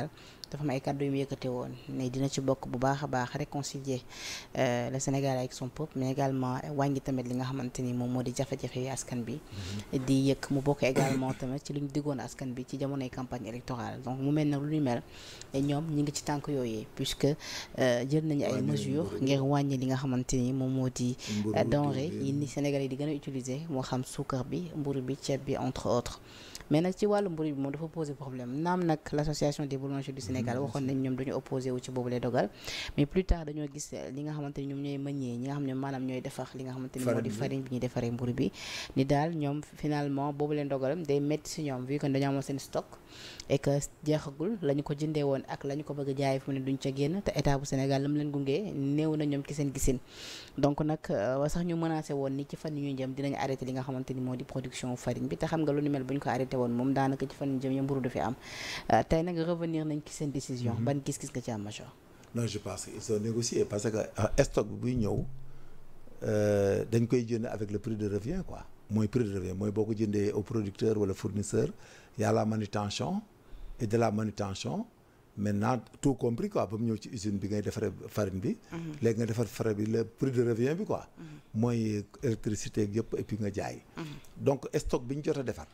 Sénégal dafa am ay kàddu yu mu yëkkate woon ne dina ci bokk bu baax a baax réconcilier euh, le Sénégal avec son peuple mais également wàññi tamit li nga xamante ni moom moo di jafe-jafe yi askan bi mm-hmm. di yëkk mu bokk également tamit ci lu ñu diggoon askan bi ci jamonoy campagne électorale donc mu mel na lu ñu mel ñoom ñu ngi ci tànk yooyee puisque euh, jël nañu ay mesures ngir wàññi li nga xamante ni moom moo di euh, denrée yi ni Sénégal yi di gën a moo xam suukar bi mburu bi ceeb mais na ci wàllu mburu bi moom dafa poser problème naam nag l' association des boulangers du Sénégal mm-hmm. waxoon nañ ñoom dañu opposé ci boobu lay dogal mais plus tard dañoo gis li nga xamante ne maanaam ñooy defar li nga xamante ni moo di farine bi ñuy defaree mburu bi ni daal ñoom finalement woon ak ko a jaay fu mu ne duñ ca génn te état bu Sénégal la leen gungee néew na ñoom ci seen gisin donc nag euh, sax ñu menacé woon ni ci fan yi ñuy jëm dinañ li nga xamante moo di production farine bi te xam nga lu mel buñ ko arrêté woon moom daanaka ci fan jëm ya mburu du fi am euh, tey nag revenir nañ ci seen décision mm-hmm. ban gis-gis nga ci am major non je pense qu'ils ont négocié parce que euh, stock bi buy ñëw euh, dañ koy jënd avec le prix de revient quoi mooy prix de revient mooy boo ko jëndee au producteur wala fournisseur y a la manutention et de la manutention maintenant tout compris quoi ba mu ñëw ci usine bi ngay defaree farine bi. Mm-hmm. léegi nga defar farine bi le prix de revient bi quoi. Mm-hmm. mooy électricité yëpp et puis bi ñu jot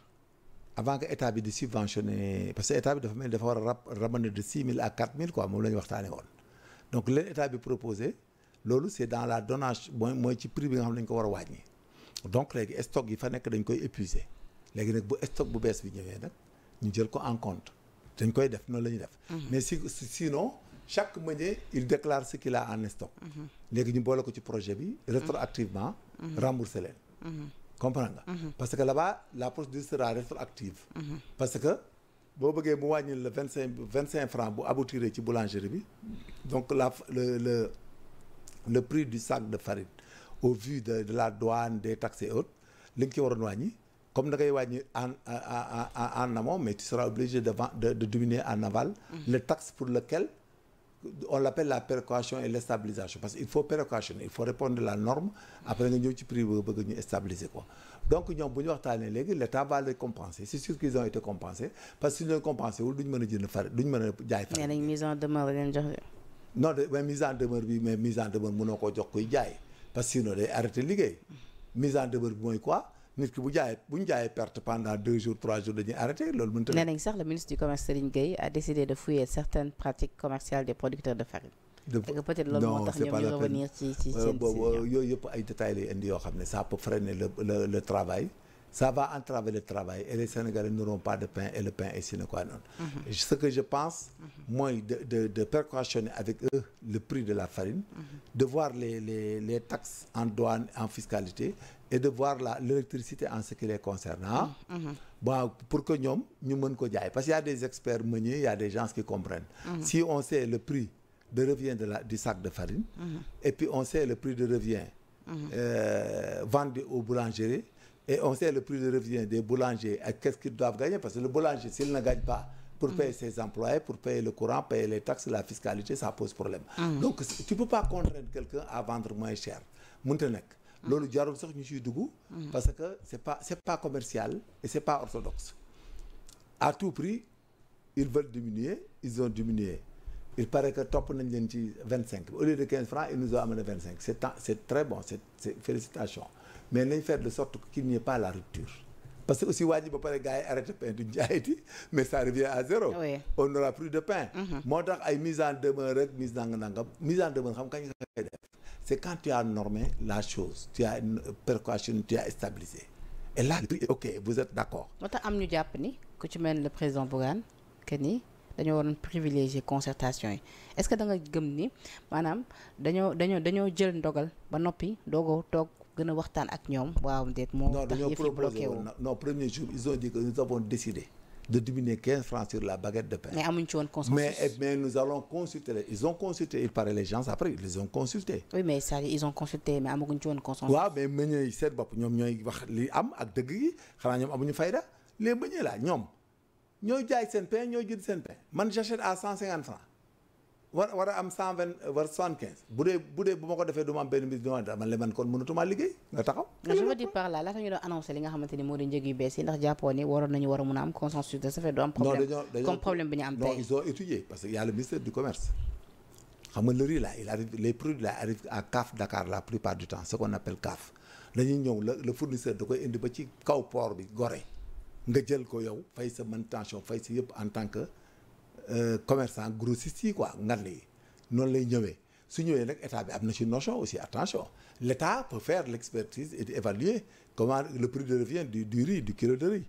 avant que état bi di subventionné parce que état bi dafa mel dafa war a rab ramener de six mille à quatre mille quoi moom la ñu waxtaanee woon donc leen état bi proposé loolu c' dans la donnage mooy mooy ci prix bi nga xam ne dañ ko war a wàññi donc léegi stock yi fa nekk dañ koy épuiser léegi nag bu stock bu bees bi ñëwee nag ñu jël ko en compte dañ koy def noonu la ñuy def. Mhm. mais si sinon chaque meunier il déclare ce en stock. Mhm. léegi ñu boole ko ci projet bi. Mhm. rétroactivement rembourser leen. comprends nga. Mhm. parce que la bas la procédure sera rétroactive. Mhm. parce que boo bëggee mu wàññil la vingt cinq vingt cinq francs bu aboutir ci boulangerie bi donc la le le le prix du sac de farine au vu de de la douane des taxes et li nga ci waroon wàññi comme da ngay wàññi en en en en amont mais tu seras obligé de de de diminuer en aval. Mhm. le taxe pour lequel on la péréquation et l'stabilisation parce que il faut péréquation il faut répondre la norme après nga ñëw ci prix ba bëgg ñu stabiliser quoi donc ñoom bu ñu waxtaanee léegi l'État va les compenser c'est sûr qu'ils ont été compensés parce que suñu leen compensé wul duñ mën a jënd farine duñ mën a jaay farine. nee nañ mise en demeure bi mais mise en demeure mënoo koo jox kuy jaay parce que sinon day arrêté liggéey mise en demeure bi mooy quoi. nit ki bu jaayee bu jaayee perte pendant deux jours trois jours dañuy arrêté loolu mënut a. sax le ministre du commerce Serigne Gueye a décidé de fouiller certaines pratiques commerciales des producteurs de farine. de peut-être loolu moo euh, va entraver le travail et les Sénégalais n'auront pas de pain et le pain est sine qua non. Mhm. ce que je pense. Mhm. mooy de de avec eux le prix de la farine. Mhm. de voir les taxes en douane en fiscalité. et de voir la l'électricité en ce qui les concerne mm-hmm. mm-hmm. ah pour que ñoom ñu mën ko jaay parce que y a des experts meuniers y a des gens qui comprennent mm-hmm. si on sait le prix de revient de la du sac de farine et puis on sait le prix de revient euh, vendu aux et on sait le prix de revient des boulangers et qu'est-ce qu'ils doivent gagner parce que le boulanger s'il ne gagne pas pour payer ses employés pour payer le courant payer les taxes la fiscalité ça pose problème à vendre moins cher loolu jarul sax ñu ciy dugg. Mm-hmm. parce que c'est pas c'est pas commercial et c'est pas orthodoxe. à tout prix ils veulent diminuer ils ont diminué il paraît que topp nañ leen ci vingt cinq au lieu de quinze francs ils nous ont amené vingt cinq c'est c'est très bon c'est c'est mais nañ faire de sorte qu'il n'y ait pas la rupture. parce que aussi wàññi ba pare gars yi arrêté pain duñ jaayati mais ça revient à zéro. on n'aura plus de pain. Mm-hmm. moo tax ay mise en demeure c'est quand tu as normé la chose tu as une précaution tu as stabilisé et là tu ok vous êtes d'accord moo tax am ñu jàpp ni ku ci mel le président Bougane que ni dañoo waroon privilégier concertation yi est-ce que da nga gëm ni maanaam dañoo dañoo dañoo jël ndogal ba noppi doogoo toog gën a waxtaan ak ñoom waaw déet moo tax yëf yi bloqué wu non dañoo proposé woon non premier jour ils ont dit que nous avons décidé de diminuer 15 francs sur la baguette de pain. mais amuñu ci woon consensus. mais mais eh nous allons consulter les ils ont consulté il paraît les gens après ils les ont consultés. oui mais ils ont consulté mais amaguñu ci woon consensus. waaw mais meññee seet bopp ñoom ñooy wax li am ak dëgg yi xanaa ñoom amuñu fayda les meññee laa ñoom ñooy jaay sen pain ñoo jën seen pain man j'achète à 150 francs. war war a am cent vingt euh, war soixante quinze bu dee bu ma ko defee du ma am benn bis du ma man le man kon mënatuma liggéey nga taxaw je me dis par là laata ñu doon annoncé li nga xamante ni moo di njëg yu bees yi ndax jàppoo waroon nañu war a mun a am consensus de ce fait du am problème bi ñu am tey non ils ont étudié parce que y a le ministère du commerce xam nga le riz là il arrive les produits là arrivent à CAF Dakar la plupart du temps ce qu'on indi ba ci bi Gorée nga jël ko yow fay sa manutention fay sa yëpp en tant que Euh, commerçant grossiste yi quoi ngand yi noonu lay ñëwee su ñëwee nag bi am na ci notion aussi attention l' état peut faire l' expertise et évaluer comment le prix de revient du du du kilo de riz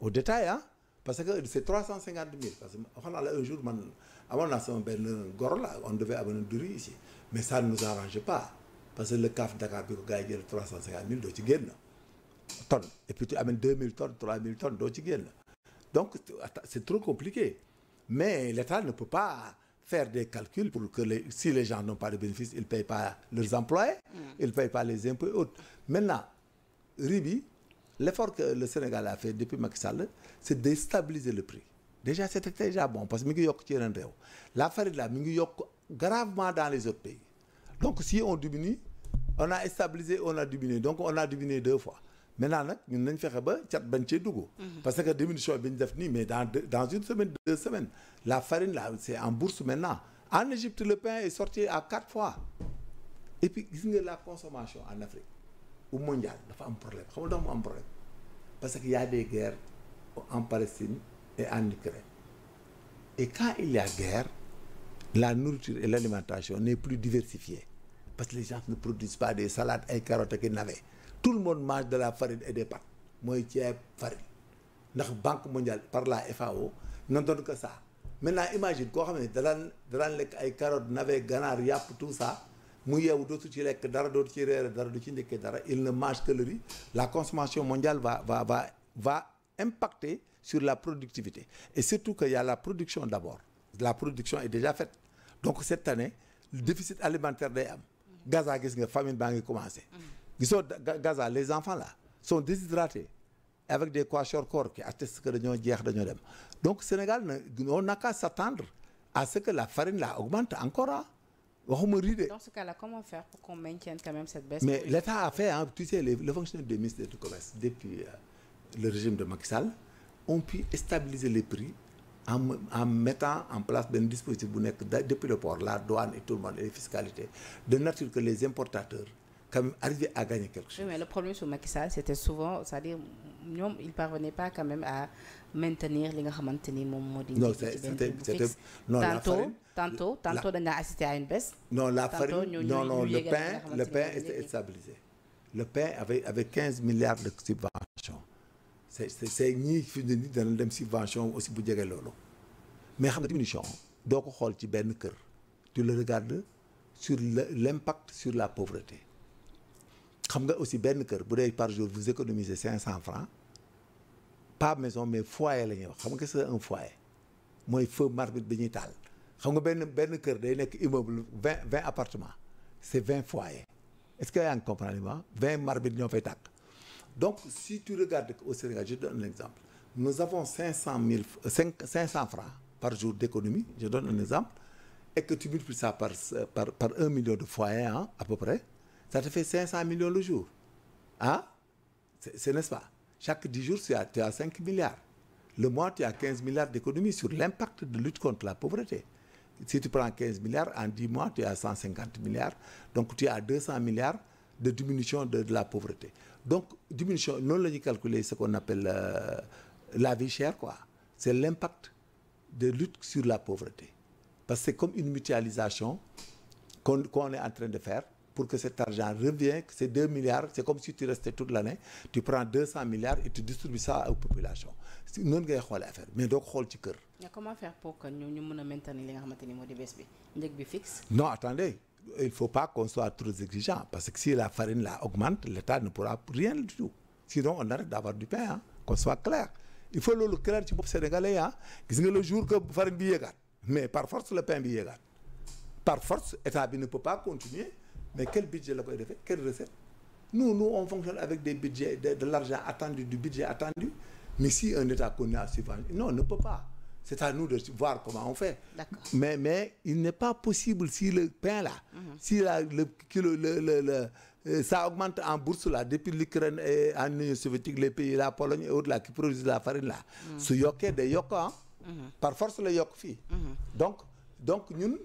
au détail ah parce que c' est trois cent cinquante mille parce que waxoon naa la un jour man amoon naa sama benn goro la on devait amener du riz ici mais ça ne nous arrange pas parce que le CAF Dakar bi ko gars jël trois cent cinquante mille doo ci génn tonnes et puis tu trois mille tonnes doo ci génn donc c' trop compliqué Mais l'État ne peut pas faire des calculs pour que les, si les gens n'ont pas de bénéfices, ils ne payent pas leurs employés, mmh. ils pas les impôts autres. Maintenant, Ribi, l'effort que le Sénégal a fait depuis Macky Sall, c'est de stabiliser le prix. Déjà, c'était déjà bon parce que mi ngi yokk ci yeneen réew la farine là mi ngi yokk gravement dans les autres pays donc si on diminue on a stabilisé on a diminué donc on a diminué deux fois maintenant nag ñun nañ fexe ba cat bañ cee dugg. Mhm. parce que diminution bi ñu def nii mais dans deux, dans une semaine deux semaines la farine là c'est en bourse maintenant en Égypte le pain est sorti à quatre fois et puis gis nga la consommation en Afrique au mondial dafa am problème xam nga dafa am problème parce que yà a des guerres en Palestine et en Ukraine et quand il y a la nourriture et l'alimentation n'est plus diversifiée parce que les gens ne produisent ay carottes ak navets tout le monde mange de la farine et des pâtes mooy ceeb farine ndax banque mondiale par la FAO ne donne que ça maintenant imagine koo xam ne danaan danaan lekk ay carottes navets ganaar yàpp tout ça mu yeewu dootu ci lekk dara dootu ci reere dara du ci ndekkee dara il ne mange que la consommation mondiale va va va va impacter sur la productivité et surtout que y la production d'abord la production est déjà fait donc cette année le déficit alimentaire day am Gaza gis nga famine baa ngi commencer mm. gisoo Gaza les enfants là sont déshydratés avec des kwashior corps qui attestent que dañoo jeex dañoo dem donc Sénégal na on n'a qu'à s'attendre à ce que la farine là augmente encore ah waxuma riz dans ce cas là mais l'État a fait hein tu sais les, les fonctionnaires des ministères commerce depuis euh, le régime de Macky Sall ont pu stabiliser les prix en en mettant en place benn dispositif bu nekk depuis le port la douane et tout le monde et les fiscalités de nature que les importateurs quand même arriver à gagner quelque chose. Oui, mais le problème sur Macky c'était souvent c'est-à-dire ñoom il parvenait pas quand même à maintenir li nga xamante ni moom moo di. non c'est c'était non la farine à une baisse. non la farine non non le pain le pain était stabilisé. le pain avec avec quinze milliards de subventions c'est c'est ñii fi mu dana dem subvention aussi bu jege loolu mais xam nga diminution doo ko xool ci benn kër tu le regardes sur l'impact sur la pauvreté. xam nga aussi benn kër bu dee par jour vous économisez cinq cent francs pas maison mais foyer la ñuy wax xam nga c'est un foyer mooy feu marmite bi ñuy taal xam nga benn benn kër day nekk immeuble vingt vingt appartements c'est vingt foyers est-ce que yaa ngi comprendre ma vingt marmite ñoo fay tàkk donc si tu regardes au Sénégal je donne un exemple nous avons cinq cent mille cinq cinq cent francs par jour d'économie je donne un exemple et que tu multiplies ça par par par un million de foyers ah à peu près ça te fait 500 millions le jour ah ce n'est-ce pas chaque 10 jours tu as, tu as 5 le mois tu as 15 milliards d'économies sur l'impact de lutte contre la pauvreté si tu prends 15 milliards en 10 mois tu as 150 milliards donc tu as 200 milliards de diminution de, de la pauvreté donc diminution noonu la ñuy calculer ce qu'on appelle euh, la vie chère quoi c'est l'impact de lutte sur la pauvreté parce que comme une mutualisation qu'on qu'on est en train de faire pour que cet argent revienne, que ces 2 milliards, c'est comme si tu restais toute l'année, tu prends 200 milliards et tu distribues ça aux populations. C'est non ngay xool affaire mais doo xool ci kër. mais comment faire pour ñu ñu mën a maintenir li nga xamante ni moo di bés bi njëg bi fixe. non attendez il faut pas qu'on trop exigeant parce que si la farine là augmente l'État ne pourra rien du tout sinon on arrête d'avoir du pain ah qu'on soit clair gis nga le jour que farine bi yéegaat mais par force le pain bi mais quel budget la koy defee quelle recette nous nous on fonctionne avec des budgets de, de l'argent attendu du budget attendu mais si un état connaît à subventionner non ne peut c'est à nous de voir comment on fait mais mais il n'est pas possible si le pain là mhm. si la le kilo le le le euh, ça augmente en bourse là depuis l'Ukraine et en Union soviétique les pays la Pologne et autres là qui produisent la farine là mhm. su yokkee day yokk ah. mhm. par force la yokk fii donc donc ñun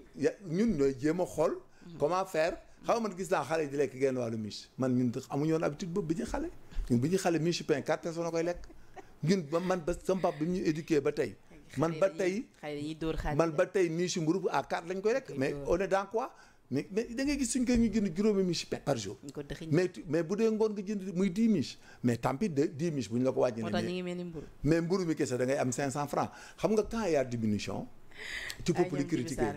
ñun ñooy jéem a xool comment faire xaw man gis naa xale yi di lekk genn wàllu miche man ñun amuñu woon habitude boobu bi ñuy xale ñun bi ñuy xale miche pain quatre personnes a koy lekk ñun ba man ba sama pap bi ñu éduqué ba tey man ba tey man ba tey miche mburu bu à lañ koy lekk mais on est mais mais gis suñ koy ñu jënd juróomi miche pain par jour mais mais bu dee ngoon nga jënd muy dix miche mais tant pis de miche bu ñu la ko wàññi mais mburu mi kese da am cinq cent francs xam a diminution ci bopp di critiqué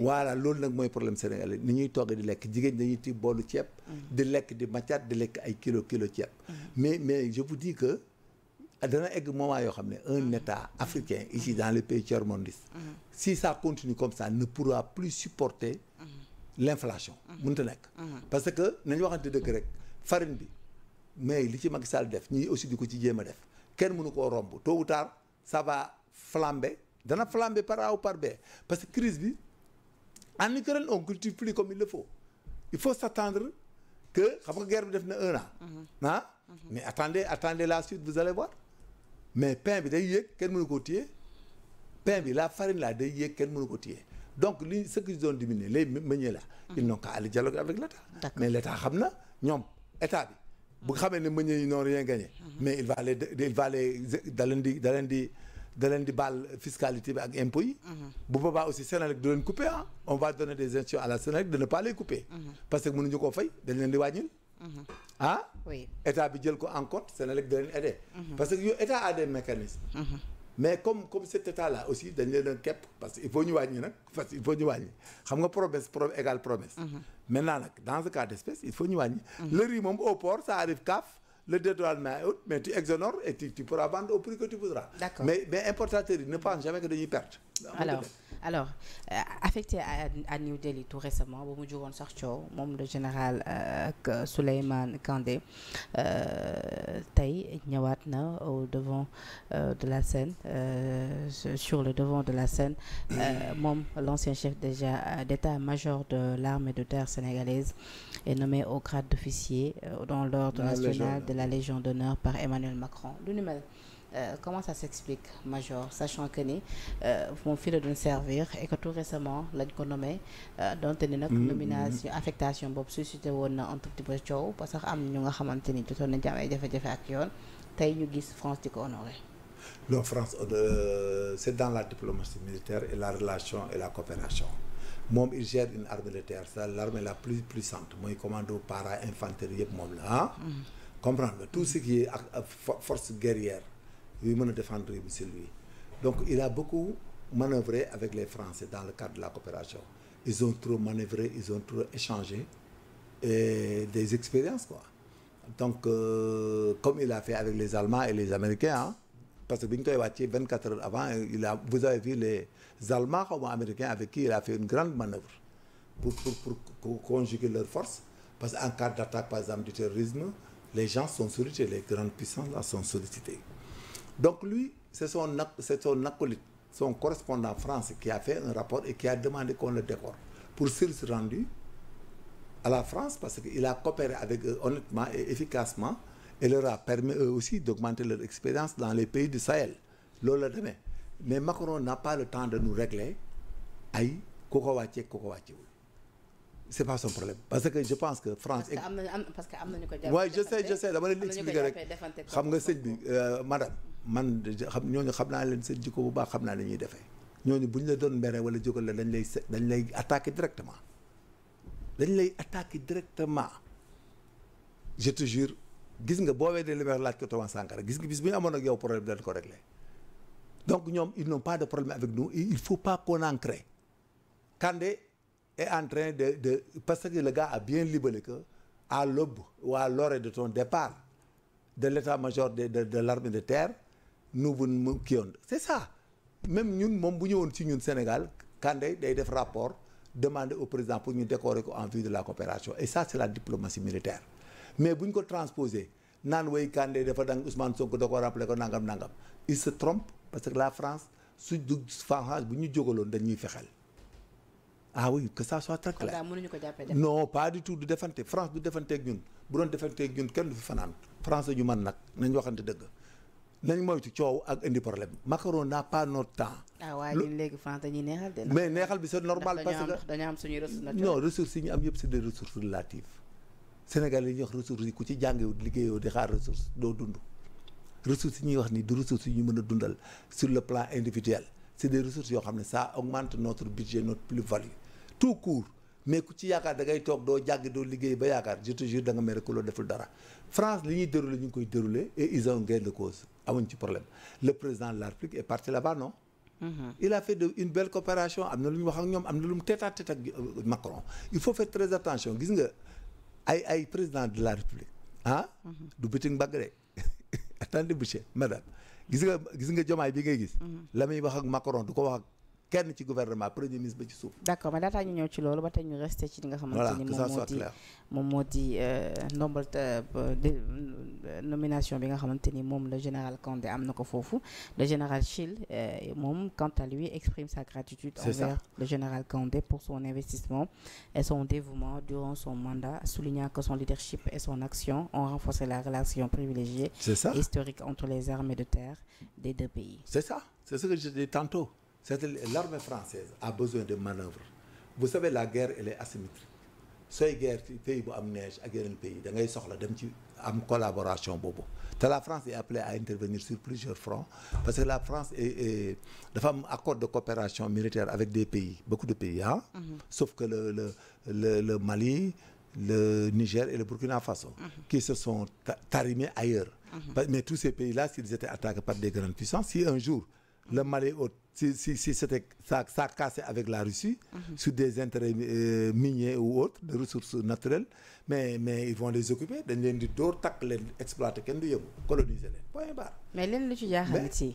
voilà loolu nag mooy problème sénégalais ni ñuy togg di lekk jigéen dañuy ti boolu ceeb mm-hmm. di lekk di macaat di lekk ay kilo kilo ceeb mm-hmm. mais mais je vous dis que dana egg moment yoo xam ne un mm-hmm. état africain ici dans les pays tiers-mondistes si ça continue comme ça ne pourra plus supporter l'inflation mënta nekk parce que nañ waxante dëkk rek farine bi mais li ci Macky Sall def ñi aussi di ko ci jéem a def kenn mënu koo romb tôt ou tard ça va flamber dana flamber par aw par B parce que crise bi en Ukraine on cultive plus comme il le faut il faut s'attendre que xam nga ger bi def na un an. Mm-hmm. Ah? Mm-hmm. mais attendez attendez la suite vous allez voir mais pain bi day yéeg kenn mënu ko téye pain bi la farine la day yéeg kenn mënu ko téye donc li ce qu'ils ont diminué les meuniers là. Mm-hmm. ils n'ont qu'à aller dialoguer avec l'État. mais l'État xam na ñoom état bi. bu xamee ne meuniers yi n'ont rien gagné. mais il va les di da di. da di baal fiscalité ak impôts mhm. bu boobaa aussi Sénélec du leen ah. on va donner des instructions à la Sénélec de ne pas mhm. parce que mënuñu koo fay dañ leen di wàññil. Mhm. ah. état bi jël ko en compte Sénélec da parce que yow état a des mais comme comme cet état là aussi dañ leen a parce que il faut ñu wàññi nag il faut ñu wàññi xam nga promesse promesse égale promesse. nag dans cas d'espèce il faut ñu wàññi. le moom au port ça le dédouanement est haut mais tu exonères et tu, tu pourras vendre au tu voudras. D'accord. mais mais importateurs yi ne pensent jamais que dañuy perte. alors alors euh, affecté à à New Delhi tout récemment ba mu jugoon sax coow moom le général euh, Souleymane Kandé euh, tey ñëwaat na au devant de la scène sur le devant de la scène moom l'ancien chef déjà d'état-major de l'armée de terre sénégalaise est nommé au grade d'officier dans l'ordre national de la Légion d'honneur par Emmanuel Macron Euh, comment ça s'explique Major sachant que ni moom fii la doon servir et que tout récemment lañ ko nommé euh, donte ni nag mm-hmm. nomination affectation boobu suscité woon na un tout coow parce que am ñu nga xamante ni jotoon nañ ci am ay jafe-jafe ak yoon tey ñu gis France di ko honoré non France euh, c'est dans la diplomatie militaire et la relation et la coopération moom il gère une armée de terre c'est l'armée la plus puissante mooy commando para infanterie yëpp moom la ah mm-hmm. tout ce qui est euh, force guerrière yuy mën a défendre bi c'est lui donc il a beaucoup manœuvré avec les Français dans le cadre de la coopération ils ont trop manœuvré ils ont trop échangé des expériences quoi donc euh, comme il a fait avec les Allemands et les Américains parce que ñu koy wàccee vingt quatre heures avant il a vous avez vu les Allemands xaw ma Américains avec qui il a fait une grande manœuvre pour pour pour conjuguer leurs forces parce que en cas d'attaque par exemple du terrorisme les gens sont sollicités les grandes puissances là sont sollicitées donc lui c'est son c'est son acolyte son correspondant français qui a fait un rapport et qui a demandé qu'on le décore pour service rendu à la France parce qu'il a coopéré avec eux honnêtement et efficacement et leur a permis eux aussi d'augmenter leur expérience dans les pays du Sahel loolu la demee mais Macron n'a pas le temps de nous régler ay ku ko wàccee ku ko wàccewul c'est pas son problème parce que je pense que France. parce que am na parce expliquer xam nga sëñ bi euh, madame. man xam ñooñu xam naa leen seen jikko bu baax xam naa la ñuy defee ñooñu bu la doon mere wala jógal la dañ lay dañ lay attaquer directement dañ lay attaquer directement je te jure gis nga boo weddee li may laaj ko Thomas Sankara gis nga bis bu ñu amoon ak yow problème dañ ko régler donc ñoom ils n'ont pas de problème avec nous et il faut pas qu'on en crée Kandé est de de parce que le gars a bien libellé que à l'aube ou à l'orée de ton départ de l'état-major de de de l'armée de terre nouveau kii woon c'est ça même ñun moom bu ñëwoon ci ñun Sénégal Kandé day def rapport demander au président pour ñu décorer ko en vue de la coopération et ça c'est la diplomatie militaire mais bu ñu ko transposer naan way Kandé dafa dang Ousmane Sonko da ko rappelé ko nangam nangam il se parce que la France su du France ñu jógaloon dañuy fexel ah oui que ça soit très clair mënuñu ko jàppee non pas du tout du defante France du defanteeg ñun bu doon defanteeg ñun kenn du fi fanaan France ñu man nag nañ waxante dëgg nañ moytu coow ak indi problème Macron n'a pas notre temps. ah waaye ñun léegi France dañuy neexal de. mais neexal bi c'est normal parce que dañu am suñuy ressources naturelles. non ressources yi ñu am yëpp c'est des ressources relatives. Sénégal yi ñuy wax ressources yi ku ci jàngewul liggéeyoo di xaar ressource doo dund. ressources yi ñuy wax ni du ressources yi ñu mën a dundal sur le plan individuel c'est des ressources yoo xam ne ça augmente notre budget notre plus-value tout court. mais ku ci yaakaar da ngay toog doo jàgg doo liggéey ba yaakaar je te jure da nga mere ku loo deful dara France li ñuy dérouler ñu ngi koy dérouler et ils ont gain de cause. amuñ ci problème le président de la République est parti la bas non. Mm-hmm. il a fait de une belle coopération am na lu mu tête à euh, Macron il faut faire très attention gis nga ay ay président de la République ah. Mm-hmm. du bitim mbagg de attendez monsieur madame gis nga gis nga bi ngay gis. Mm-hmm. la muy wax ak Macron du ko wax kenn ci gouvernement premier ministre ba ci suuf. d' accord mais daataa ñu ci loolu ba tey ñu resté ci li nga xamante ni moom moo di moom moo di ndombal nomination bi nga xamante ni moom le général Kandé am na ko foofu le général Chil euh, moom quant à lui exprime sa gratitude. envers le général Kandé pour son investissement et son dévouement durant son mandat soulignant que son leadership et son action ont renforcé la relation privilégiée. et historique entre les armées de terre c'est-à-dire l'armée française a besoin de manœuvres vous savez la guerre elle est asymétrique sooy guerre ci pays bu am neige ak yeneen pays da ngay soxla dem ci am collaboration boobu te la France est appelée à intervenir sur plusieurs fronts parce que la France est dafa am de coopération militaire avec des pays beaucoup de pays ah. sauf que le le le Mali le Niger et le Burkina Faso. Mhm. qui se sont tarimés ailleurs. Mhm. mais tous ces pays-là s'ils étaient attaqués par un jour. le Mali haute si si si c'était ça ça cassait avec la Russie mmh. des intérêts euh, ou autres de ressources naturelles mais mais ils vont les occuper dañ leen di dóor takk leen exploiter kenn du yóbbu coloniser leen point barre mais leen lu ci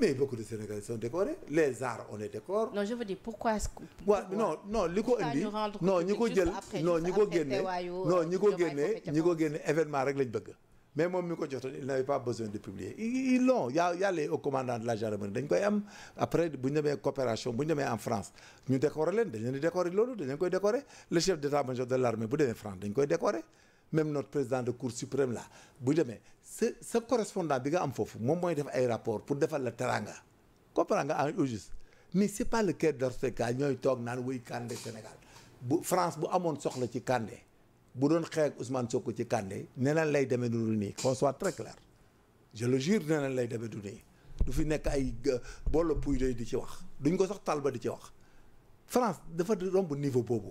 mais beaucoup de Sénégalais sont décorés les on est décoré. non li ko indi non ñi ko jël non ñi ko génne événement rek lañ bëgg. mais moom mi ko jotoon il n'avait pas besoin de publier ils l'ont y'a y'a les hauts de la gendarmerie dañ koy am après bu ñu demee coopération bu ñu demee en France ñu décorer leen dañ leen décorer loolu dañ koy décorer le chef d'état-major de l'armée bu demee France dañ koy décorer. même notre président de cour suprême là bu demee sa sa correspondant bi nga am foofu moom mooy def ay rapport pour defal la teranga comprends nga en au juste mais c'est pas le cas d'Ortega ñooy toog naan wuy Kandé Sénégal bu France bu amoon soxla ci Kandé bu doon xeex ak Ousmane Sonko ci Kandé neneen lay demee du nii qu'on soit très clair je le jure neneen lay demee du nii du fi nekk ay euh, boole puy doy di ci wax duñ ko sax talba di ci wax France dafa romb niveau boobu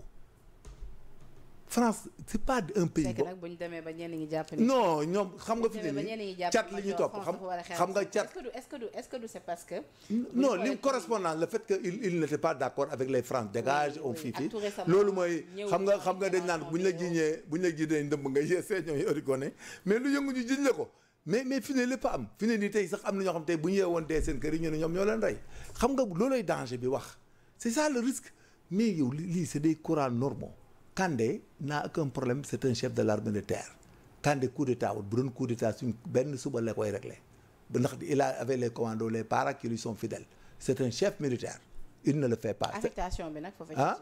France c'est pas un pays. fekk ba ñenn ñi jàpp ne. ñoom xam nga fi ne nii cat li ñu topp xam xam nga cat. est-ce li mu correspondant le fait que il il n'était pas d'accord avec les France dégage on fii fii loolu mooy xam nga xam nga dañ naan bu ñu la jiiñee bu ñu la jiiñee ndëmb nga yeesee ñoom origone mais lu yëngu ñu la ko mais fi ne lépp a am fi ne nii tey sax am na ñoo xam tey bu ñu yeewoon dee seen kër yi ñu ne ñoom ñoo leen rey xam nga loolooy kande n'a aucun problème un chef de l'armée de kande Kandé coup d'état wut bu doon coup d'état suñ benn suba la koy réglé ba ndax il a avec les commandos les paras qui lui sont fidèles chef militaire il ne le fait pas. affectation bi nag foofu ah,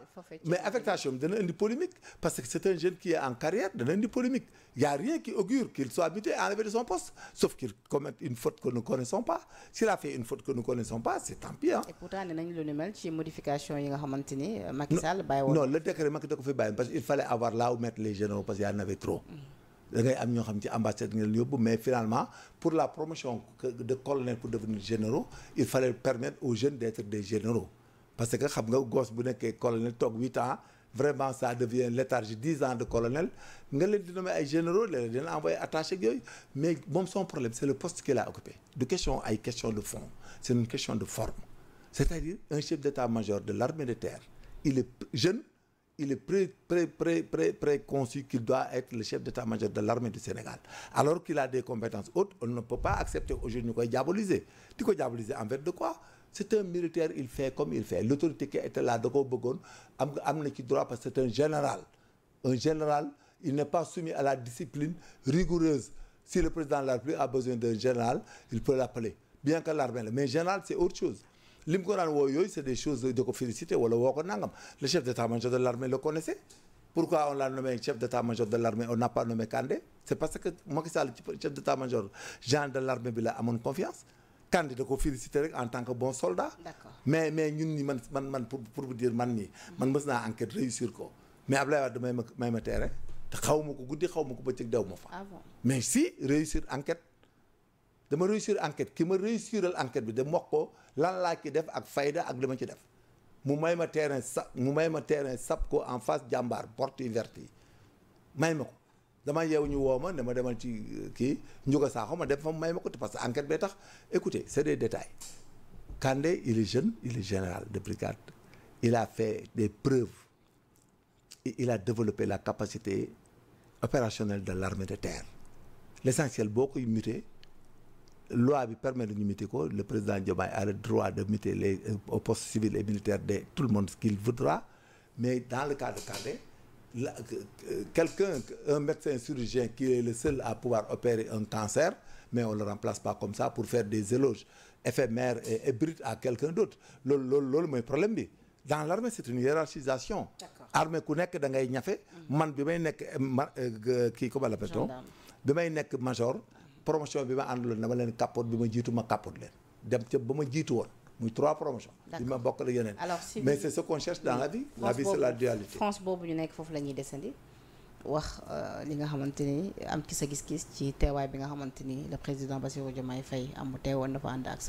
mais affectation bi dana indi polémique parce que c'est un jeune qui est en carrière dana indi polémique y rien qui augure qu'il soit muté enlevé de son poste sauf qu'il commette une faute que nous connaissons pas s'il a fait une faute que nous connaissons pas c'est tant pis ah. et pourtant dinañ lu ni ci modification yi nga xamante ni. Euh, Macky Sall bàyyi woon non le décret ko fi bàyyi parce que il fallait parce que xam nga gos bu nekkee colonel toog huit ans vraiment ça devient léthargie dix ans de colonel nga leen di nommer ay généraux leen dina envoyé attaché ak yooyu mais moom son problème c' est le poste qu'il a occupé du question ay question de fond c' est une question de forme c' est à dire un chef d' état major de l'armée de terre il est jeune il est pré pré pré pré préconçu qu'il doit être le chef d'état-major de l'armée du Sénégal alors qu'il a des ñu koy diaboliser di ko diaboliser envers de c'est un militaire il fait comme il fait l'autorité qui était là da koo bëggoon am nga ci droit parce c'est un général un général il n'est pas soumis à la discipline rigoureuse si le président de la République a besoin d'un général il peut l'appeler bien que l'armée la mais général c'est autre chose li mu ko daan woo yooyu c'est des choses de l'armée le connaissait pourquoi on l'a nommé chef d'état-major de l'armée on n'a pas nommé Kandé c'est parce que Macky Kandi da ko félicité rek en tant que bon soldat. mais mais ñun ñi man man man pour pour vous dire man nii. man mës naa enquête réussir ko mais Abdoulaye Wade may ma may ma tere te xaw ko guddi xaw ma ko bëccëg dew ma fa. Ah mais si réussir enquête. dama réussir enquête ki ma réussiral enquête bi dama wax ko lan laa ci def ak fayda ak li ma ci def mu may ma terrain sa mu may ma terrain sab ko en face jàmbaar porte ouverte yi may ma ko damay yeewu ñu woo ma ne ma demal ci euh, kii Ndiouga Sakho ma def fa may ma ko parce que enquête bee tax écoutez c'est des détails Kandé il est jeune il est général de brigade il a fait des preuves et il a développé la capacité opérationnelle de l'armée de terre l'essentiel boo koy muté loi bi permet ñu muté ko le président Diomaye a le droit de muter les euh, postes civils et militaires de tout le monde ce qu'il voudra mais dans le cas de Kandé quelqu'un, un médecin chirurgien qui est le seul à pouvoir opérer un cancer, mais on ne le remplace pas comme ça pour faire des éloges éphémères et, et à quelqu'un d'autre. loolu loolu loolu mooy problème bi dans l'armée c'est une hiérarchisation. armée ku nekk da ngay ñafe. man bi may nekk ma euh, kii ko l'appelle-t-on bi may nekk major. promotion bi ma àndaloon dama leen capote bi ma jiitu ma capote leen dem ca ba ma jiitu woon. muy trois promotions. d'accord li ma bokk la yeneen. alors si mais c'est ce qu'on cherche dans la France boobu ñu nekk foofu la desandi. wax euh, li nga xamante ni am ki sa gis-gis ci teewaay bi nga xamante ni le président Bassirou Diomaye Faye am mu teewoon dafa ànd ak sa